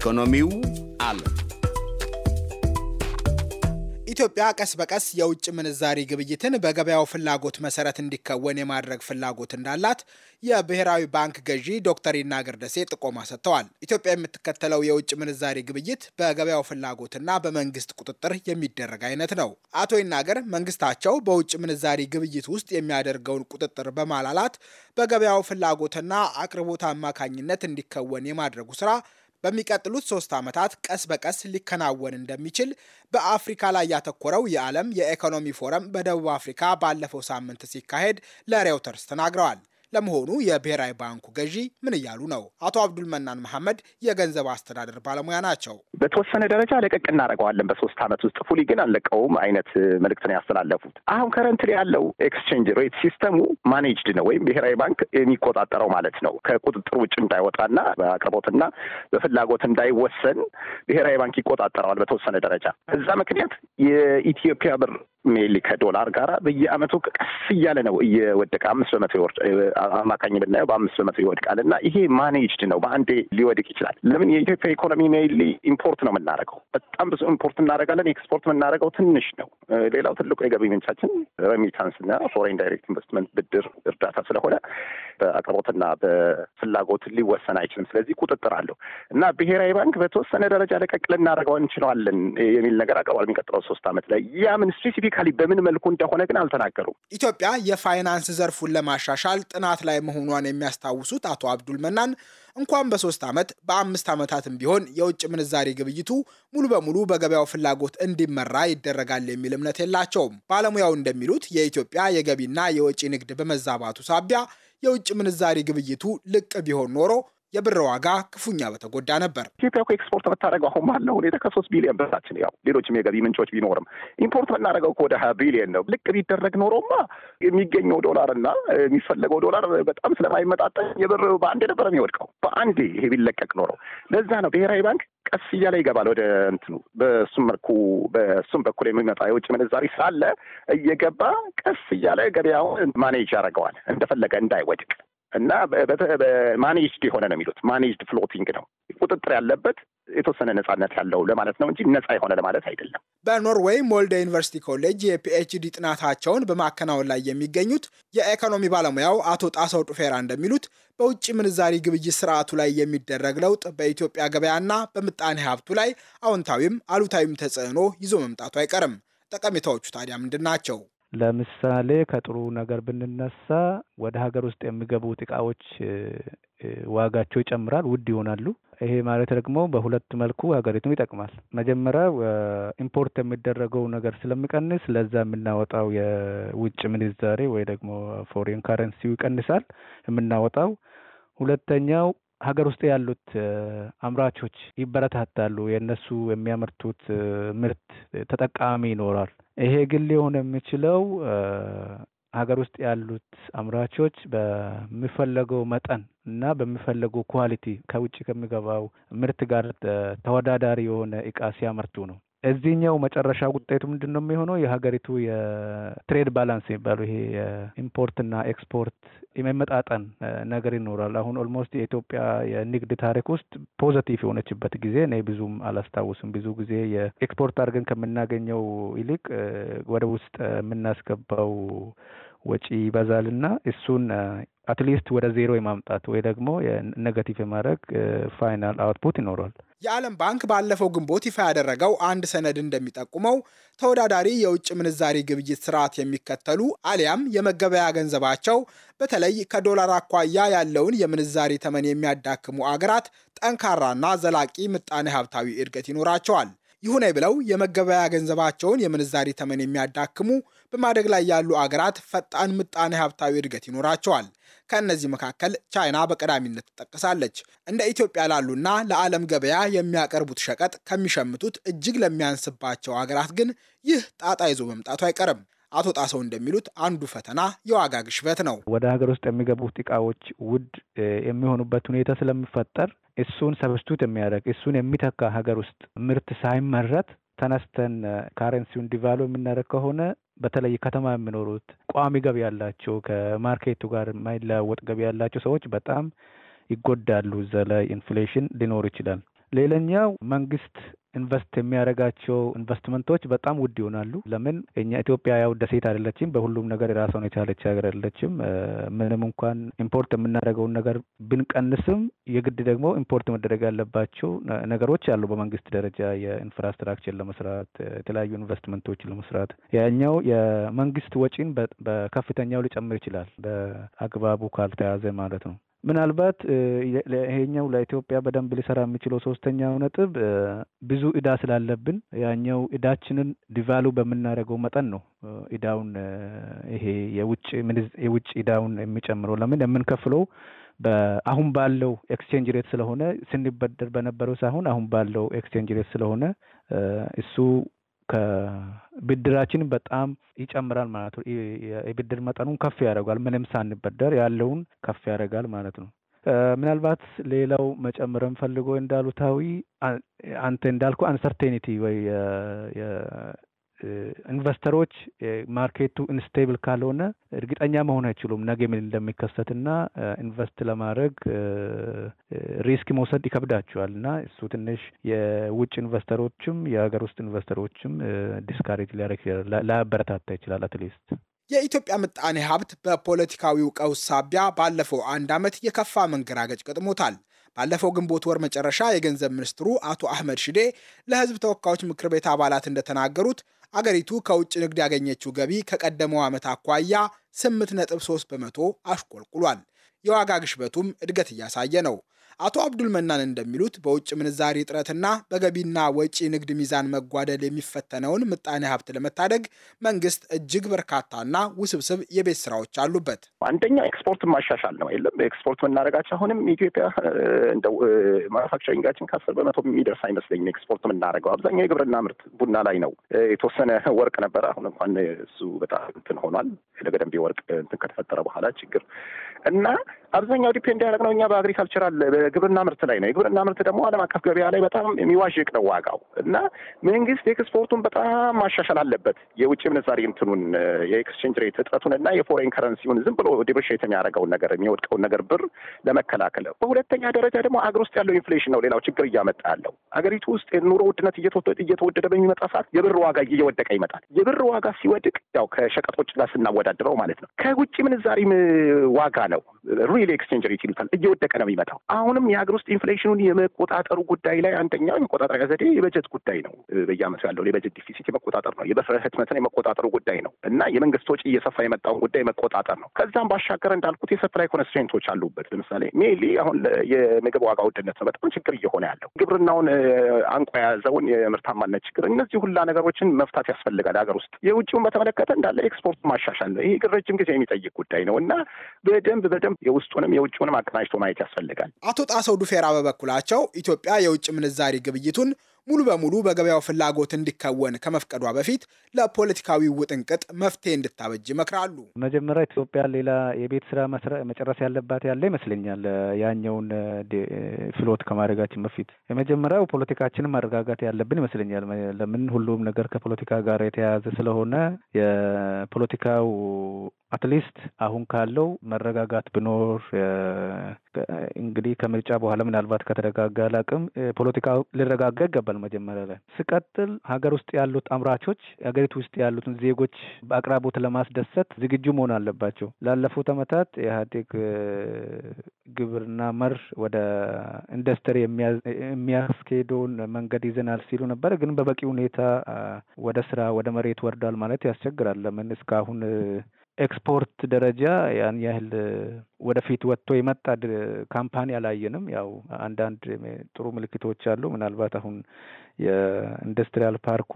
ኢኮኖሚው አለ። ኢትዮጵያ ቀስ በቀስ የውጭ ምንዛሪ ግብይትን በገበያው ፍላጎት መሰረት እንዲከወን የማድረግ ፍላጎት እንዳላት የብሔራዊ ባንክ ገዢ ዶክተር ይናገር ደሴ ጥቆማ ሰጥተዋል። ኢትዮጵያ የምትከተለው የውጭ ምንዛሪ ግብይት በገበያው ፍላጎትና በመንግስት ቁጥጥር የሚደረግ አይነት ነው። አቶ ይናገር መንግስታቸው በውጭ ምንዛሪ ግብይት ውስጥ የሚያደርገውን ቁጥጥር በማላላት በገበያው ፍላጎትና አቅርቦት አማካኝነት እንዲከወን የማድረጉ ስራ በሚቀጥሉት ሶስት ዓመታት ቀስ በቀስ ሊከናወን እንደሚችል በአፍሪካ ላይ ያተኮረው የዓለም የኢኮኖሚ ፎረም በደቡብ አፍሪካ ባለፈው ሳምንት ሲካሄድ ለሬውተርስ ተናግረዋል። ለመሆኑ የብሔራዊ ባንኩ ገዢ ምን እያሉ ነው? አቶ አብዱል መናን መሐመድ የገንዘብ አስተዳደር ባለሙያ ናቸው። በተወሰነ ደረጃ ለቀቅ እናደርገዋለን በሶስት አመት ውስጥ ፉሊ ግን አንለቀውም አይነት መልእክት ነው ያስተላለፉት። አሁን ከረንት ያለው ኤክስቼንጅ ሬት ሲስተሙ ማኔጅድ ነው ወይም ብሔራዊ ባንክ የሚቆጣጠረው ማለት ነው። ከቁጥጥር ውጭ እንዳይወጣና በአቅርቦትና በፍላጎት እንዳይወሰን ብሔራዊ ባንክ ይቆጣጠረዋል በተወሰነ ደረጃ። በዛ ምክንያት የኢትዮጵያ ብር ሜሊ ከዶላር ጋር በየአመቱ ቀስ እያለ ነው እየወደቀ አምስት በመቶ ይወርድ አማካኝ ብናየው በአምስት በመቶ ይወድቃል እና ይሄ ማኔጅድ ነው። በአንዴ ሊወድቅ ይችላል። ለምን የኢትዮጵያ ኢኮኖሚ ሜሊ ኢምፖርት ነው የምናደርገው፣ በጣም ብዙ ኢምፖርት እናደርጋለን። ኤክስፖርት የምናደርገው ትንሽ ነው። ሌላው ትልቁ የገቢ ምንጫችን ረሚታንስ እና ፎሬን ዳይሬክት ኢንቨስትመንት ብድር እርዳታ ስለሆነ በአቅርቦትና በፍላጎት ሊወሰን አይችልም። ስለዚህ ቁጥጥር አለው እና ብሔራዊ ባንክ በተወሰነ ደረጃ ለቀቅ ልናደርገው እንችለዋለን የሚል ነገር አቅርቧል። የሚቀጥለው ሶስት ዓመት ላይ ያ ምን ስፔሲፊካሊ በምን መልኩ እንደሆነ ግን አልተናገሩም። ኢትዮጵያ የፋይናንስ ዘርፉን ለማሻሻል ጥናት ላይ መሆኗን የሚያስታውሱት አቶ አብዱል መናን እንኳን በሶስት ዓመት በአምስት ዓመታትም ቢሆን የውጭ ምንዛሬ ግብይቱ ሙሉ በሙሉ በገበያው ፍላጎት እንዲመራ ይደረጋል የሚል እምነት የላቸውም። ባለሙያው እንደሚሉት የኢትዮጵያ የገቢና የወጪ ንግድ በመዛባቱ ሳቢያ የውጭ ምንዛሪ ግብይቱ ልቅ ቢሆን ኖሮ የብር ዋጋ ክፉኛ በተጎዳ ነበር። ኢትዮጵያ እኮ ኤክስፖርት የምታደርገው አሁን ባለው ሁኔታ ከሶስት ቢሊዮን በታችን ያው ሌሎችም የገቢ ምንጮች ቢኖርም ኢምፖርት የምናደርገው እኮ ወደ ሀያ ቢሊዮን ነው። ልቅ ቢደረግ ኖሮማ የሚገኘው ዶላር እና የሚፈለገው ዶላር በጣም ስለማይመጣጠን የብር በአንዴ ነበር የሚወድቀው፣ በአንዴ ይሄ ቢለቀቅ ኖረው። ለዛ ነው ብሔራዊ ባንክ ቀስ እያለ ይገባል ወደ እንትኑ። በእሱም መልኩ በእሱም በኩል የሚመጣ የውጭ ምንዛሪ ስላለ እየገባ ቀስ እያለ ገበያውን ማኔጅ ያደርገዋል እንደፈለገ እንዳይወድቅ እና ማኔጅድ የሆነ ነው የሚሉት። ማኔጅድ ፍሎቲንግ ነው ቁጥጥር ያለበት የተወሰነ ነጻነት ያለው ለማለት ነው እንጂ ነጻ የሆነ ለማለት አይደለም። በኖርዌይ ሞልደ ዩኒቨርሲቲ ኮሌጅ የፒኤችዲ ጥናታቸውን በማከናወን ላይ የሚገኙት የኢኮኖሚ ባለሙያው አቶ ጣሰው ጡፌራ እንደሚሉት በውጭ ምንዛሪ ግብይት ስርዓቱ ላይ የሚደረግ ለውጥ በኢትዮጵያ ገበያና በምጣኔ ሀብቱ ላይ አዎንታዊም አሉታዊም ተጽዕኖ ይዞ መምጣቱ አይቀርም። ጠቀሜታዎቹ ታዲያ ምንድን ናቸው? ለምሳሌ ከጥሩ ነገር ብንነሳ ወደ ሀገር ውስጥ የሚገቡት እቃዎች ዋጋቸው ይጨምራል፣ ውድ ይሆናሉ። ይሄ ማለት ደግሞ በሁለት መልኩ ሀገሪቱን ይጠቅማል። መጀመሪያ ኢምፖርት የሚደረገው ነገር ስለሚቀንስ ለዛ የምናወጣው የውጭ ምንዛሬ ወይ ደግሞ ፎሬን ካረንሲው ይቀንሳል የምናወጣው። ሁለተኛው ሀገር ውስጥ ያሉት አምራቾች ይበረታታሉ። የእነሱ የሚያመርቱት ምርት ተጠቃሚ ይኖራል። ይሄ ግን ሊሆን የሚችለው ሀገር ውስጥ ያሉት አምራቾች በሚፈለገው መጠን እና በሚፈለገው ኳሊቲ ከውጭ ከሚገባው ምርት ጋር ተወዳዳሪ የሆነ እቃ ሲያመርቱ ነው። እዚህኛው መጨረሻ ውጤቱ ምንድን ነው የሚሆነው? የሀገሪቱ የትሬድ ባላንስ የሚባለው ይሄ የኢምፖርትና ኤክስፖርት የመመጣጠን ነገር ይኖራል። አሁን ኦልሞስት የኢትዮጵያ የንግድ ታሪክ ውስጥ ፖዘቲቭ የሆነችበት ጊዜ እኔ ብዙም አላስታውስም። ብዙ ጊዜ የኤክስፖርት አድርገን ከምናገኘው ይልቅ ወደ ውስጥ የምናስገባው ወጪ ይበዛልና እሱን አትሊስት ወደ ዜሮ የማምጣት ወይ ደግሞ ኔጋቲቭ የማድረግ ፋይናል አውትፑት ይኖረዋል። የዓለም ባንክ ባለፈው ግንቦት ይፋ ያደረገው አንድ ሰነድ እንደሚጠቁመው ተወዳዳሪ የውጭ ምንዛሪ ግብይት ስርዓት የሚከተሉ አሊያም የመገበያ ገንዘባቸው በተለይ ከዶላር አኳያ ያለውን የምንዛሪ ተመን የሚያዳክሙ አገራት ጠንካራና ዘላቂ ምጣኔ ሀብታዊ እድገት ይኖራቸዋል። ይሁን ብለው የመገበያያ ገንዘባቸውን የምንዛሪ ተመን የሚያዳክሙ በማደግ ላይ ያሉ አገራት ፈጣን ምጣኔ ሀብታዊ እድገት ይኖራቸዋል። ከእነዚህ መካከል ቻይና በቀዳሚነት ትጠቀሳለች። እንደ ኢትዮጵያ ላሉና ለዓለም ገበያ የሚያቀርቡት ሸቀጥ ከሚሸምቱት እጅግ ለሚያንስባቸው አገራት ግን ይህ ጣጣ ይዞ መምጣቱ አይቀርም። አቶ ጣሰው እንደሚሉት አንዱ ፈተና የዋጋ ግሽበት ነው። ወደ ሀገር ውስጥ የሚገቡት እቃዎች ውድ የሚሆኑበት ሁኔታ ስለሚፈጠር እሱን ሰብስቱት የሚያደርግ እሱን የሚተካ ሀገር ውስጥ ምርት ሳይመረት ተነስተን ካረንሲውን ዲቫሎ የምናደርግ ከሆነ በተለይ ከተማ የሚኖሩት ቋሚ ገቢ ያላቸው ከማርኬቱ ጋር የማይለዋወጥ ገቢ ያላቸው ሰዎች በጣም ይጎዳሉ። እዛ ላይ ኢንፍሌሽን ሊኖር ይችላል። ሌላኛው መንግስት ኢንቨስት የሚያደርጋቸው ኢንቨስትመንቶች በጣም ውድ ይሆናሉ። ለምን እኛ ኢትዮጵያ ያው ደሴት አይደለችም። በሁሉም ነገር የራሷን የቻለች ሀገር አይደለችም። ምንም እንኳን ኢምፖርት የምናደርገውን ነገር ብንቀንስም የግድ ደግሞ ኢምፖርት መደረግ ያለባቸው ነገሮች አሉ። በመንግስት ደረጃ የኢንፍራስትራክቸር ለመስራት የተለያዩ ኢንቨስትመንቶች ለመስራት ያኛው የመንግስት ወጪን በከፍተኛው ሊጨምር ይችላል፣ በአግባቡ ካልተያዘ ማለት ነው። ምናልባት ይሄኛው ለኢትዮጵያ በደንብ ሊሰራ የሚችለው ሶስተኛው ነጥብ ብዙ እዳ ስላለብን ያኛው እዳችንን ዲቫሉ በምናደርገው መጠን ነው እዳውን ይሄ የውጭ እዳውን የሚጨምረው። ለምን የምንከፍለው አሁን ባለው ኤክስቼንጅ ሬት ስለሆነ ስንበደር በነበረው ሳይሆን አሁን ባለው ኤክስቼንጅ ሬት ስለሆነ እሱ ከብድራችን በጣም ይጨምራል ማለት ነው። የብድር መጠኑን ከፍ ያደርጓል። ምንም ሳንበደር ያለውን ከፍ ያደርጋል ማለት ነው። ምናልባት ሌላው መጨመረን ፈልጎ እንዳሉታዊ አንተ እንዳልኩ አንሰርቴኒቲ ወይ ኢንቨስተሮች ማርኬቱ ኢንስቴብል ካልሆነ እርግጠኛ መሆን አይችሉም ነገ ምን እንደሚከሰትና ኢንቨስት ለማድረግ ሪስክ መውሰድ ይከብዳቸዋል እና እሱ ትንሽ የውጭ ኢንቨስተሮችም የሀገር ውስጥ ኢንቨስተሮችም ዲስካሬጅ ሊያደርግ ላያበረታታ ይችላል አትሊስት። የኢትዮጵያ ምጣኔ ሀብት በፖለቲካዊው ቀውስ ሳቢያ ባለፈው አንድ ዓመት የከፋ መንገራገጭ ገጥሞታል። ባለፈው ግንቦት ወር መጨረሻ የገንዘብ ሚኒስትሩ አቶ አህመድ ሽዴ ለህዝብ ተወካዮች ምክር ቤት አባላት እንደተናገሩት አገሪቱ ከውጭ ንግድ ያገኘችው ገቢ ከቀደመው ዓመት አኳያ 8.3 በመቶ አሽቆልቁሏል። የዋጋ ግሽበቱም እድገት እያሳየ ነው። አቶ አብዱል መናን እንደሚሉት በውጭ ምንዛሪ እጥረትና በገቢና ወጪ ንግድ ሚዛን መጓደል የሚፈተነውን ምጣኔ ሀብት ለመታደግ መንግስት እጅግ በርካታና ውስብስብ የቤት ስራዎች አሉበት። አንደኛ ኤክስፖርት ማሻሻል ነው የለም ኤክስፖርት የምናደርጋቸው አሁንም ኢትዮጵያ እንደው ማኑፋክቸሪንጋችን ከአስር በመቶ የሚደርስ አይመስለኝም። ኤክስፖርት የምናደርገው አብዛኛው የግብርና ምርት ቡና ላይ ነው። የተወሰነ ወርቅ ነበር። አሁን እንኳን እሱ በጣም እንትን ሆኗል። ለገደንቢ ወርቅ እንትን ከተፈጠረ በኋላ ችግር እና አብዛኛው ዲፔንድ ነው እኛ በአግሪካልቸራል በግብርና ምርት ላይ ነው። የግብርና ምርት ደግሞ ዓለም አቀፍ ገበያ ላይ በጣም የሚዋዥቅ ነው ዋጋው እና መንግስት ኤክስፖርቱን በጣም ማሻሻል አለበት። የውጭ ምንዛሪ እንትኑን የኤክስቼንጅ ሬት እጥረቱን እና የፎሬን ከረንሲውን ዝም ብሎ ዲፕሪሺየት የሚያደርገውን ነገር የሚወድቀውን ነገር ብር ለመከላከል፣ በሁለተኛ ደረጃ ደግሞ አገር ውስጥ ያለው ኢንፍሌሽን ነው ሌላው ችግር እያመጣ ያለው። አገሪቱ ውስጥ የኑሮ ውድነት እየተወደደ በሚመጣ ሰዓት የብር ዋጋ እየወደቀ ይመጣል። የብር ዋጋ ሲወድቅ ያው ከሸቀጦች ጋር ስናወዳድረው ማለት ነው ከውጭ ምንዛሪ ዋጋ ነው ሪል ኤክስቼንጅ ሬት ይሉታል እየወደቀ ነው የሚመጣው። አሁንም የሀገር ውስጥ ኢንፍሌሽኑን የመቆጣጠሩ ጉዳይ ላይ አንደኛው የመቆጣጠሪያ ዘዴ የበጀት ጉዳይ ነው። በየዓመቱ ያለው የበጀት ዲፊሲት የመቆጣጠር ነው። የብር ህትመትን የመቆጣጠሩ ጉዳይ ነው እና የመንግስት ወጪ እየሰፋ የመጣውን ጉዳይ መቆጣጠር ነው። ከዛም ባሻገር እንዳልኩት የሰፕላይ ኮንስትሬንቶች አሉበት። ለምሳሌ ሜይሊ አሁን የምግብ ዋጋ ውድነት ነው በጣም ችግር እየሆነ ያለው ግብርናውን አንቆ የያዘውን የምርታማነት ችግር፣ እነዚህ ሁላ ነገሮችን መፍታት ያስፈልጋል። ሀገር ውስጥ የውጭውን በተመለከተ እንዳለ ኤክስፖርት ማሻሻል ነው። ይሄ ግን ረጅም ጊዜ የሚጠይቅ ጉዳይ ነው እና በደንብ በደንብ የውስጥ ውስጡንም የውጭውንም አቀናጅቶ ማየት ያስፈልጋል። አቶ ጣሰው ዱፌራ በበኩላቸው ኢትዮጵያ የውጭ ምንዛሪ ግብይቱን ሙሉ በሙሉ በገበያው ፍላጎት እንዲከወን ከመፍቀዷ በፊት ለፖለቲካዊ ውጥንቅጥ መፍትሄ እንድታበጅ ይመክራሉ። መጀመሪያ ኢትዮጵያ ሌላ የቤት ስራ መጨረስ ያለባት ያለ ይመስለኛል። ያኛውን ፍሎት ከማድረጋችን በፊት የመጀመሪያው ፖለቲካችንን ማረጋጋት ያለብን ይመስለኛል። ለምን ሁሉም ነገር ከፖለቲካ ጋር የተያያዘ ስለሆነ የፖለቲካው አትሊስት አሁን ካለው መረጋጋት ብኖር እንግዲህ ከምርጫ በኋላ ምናልባት ከተረጋጋ ላቅም ፖለቲካ ሊረጋጋ ይገባል። መጀመሪያ ላይ ስቀጥል ሀገር ውስጥ ያሉት አምራቾች ሀገሪቱ ውስጥ ያሉትን ዜጎች በአቅራቦት ለማስደሰት ዝግጁ መሆን አለባቸው። ላለፉት ዓመታት ኢህአዴግ ግብርና መር ወደ ኢንዱስትሪ የሚያስኬደውን መንገድ ይዘናል ሲሉ ነበር። ግን በበቂ ሁኔታ ወደ ስራ ወደ መሬት ወርዷል ማለት ያስቸግራል። ለምን እስካሁን ኤክስፖርት ደረጃ ያን ያህል ወደፊት ወጥቶ የመጣ ካምፓኒ አላየንም። ያው አንዳንድ ጥሩ ምልክቶች አሉ። ምናልባት አሁን የኢንዱስትሪያል ፓርኩ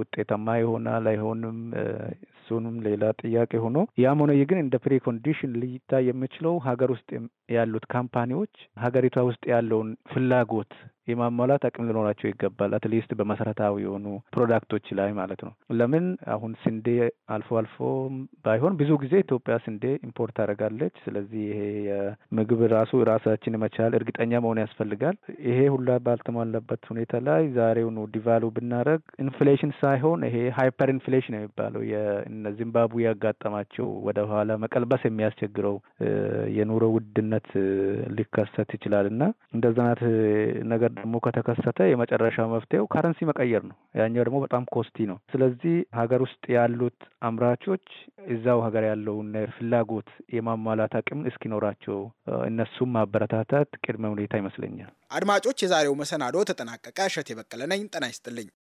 ውጤታማ ይሆናል አይሆንም፣ እሱንም ሌላ ጥያቄ ሆኖ ያም ሆነ ግን እንደ ፕሪ ኮንዲሽን ሊታይ የሚችለው ሀገር ውስጥ ያሉት ካምፓኒዎች ሀገሪቷ ውስጥ ያለውን ፍላጎት የማሟላት አቅም ሊኖራቸው ይገባል። አትሊስት በመሰረታዊ የሆኑ ፕሮዳክቶች ላይ ማለት ነው። ለምን አሁን ስንዴ አልፎ አልፎ ባይሆን ብዙ ጊዜ ኢትዮጵያ ስንዴ ኢምፖርት ታደርጋለች። ስለዚህ ይሄ የምግብ ራሱ ራሳችን መቻል እርግጠኛ መሆን ያስፈልጋል። ይሄ ሁላ ባልተሟላበት ሁኔታ ላይ ዛሬውኑ ዲቫሉ ብናደረግ ኢንፍሌሽን ሳይሆን ይሄ ሃይፐር ኢንፍሌሽን የሚባለው ዚምባብዌ ያጋጠማቸው ወደ ኋላ መቀልበስ የሚያስቸግረው የኑሮ ውድነት ሊከሰት ይችላል እና እንደዛናት ነገር ደግሞ ከተከሰተ የመጨረሻ መፍትሄው ካረንሲ መቀየር ነው። ያኛው ደግሞ በጣም ኮስቲ ነው። ስለዚህ ሀገር ውስጥ ያሉት አምራቾች እዛው ሀገር ያለውን ፍላጎት የማሟላት አቅም እስኪኖራቸው እነሱም ማበረታታት ቅድመ ሁኔታ ይመስለኛል። አድማጮች፣ የዛሬው መሰናዶ ተጠናቀቀ። እሸት የበቀለ ነኝ። ጤና ይስጥልኝ።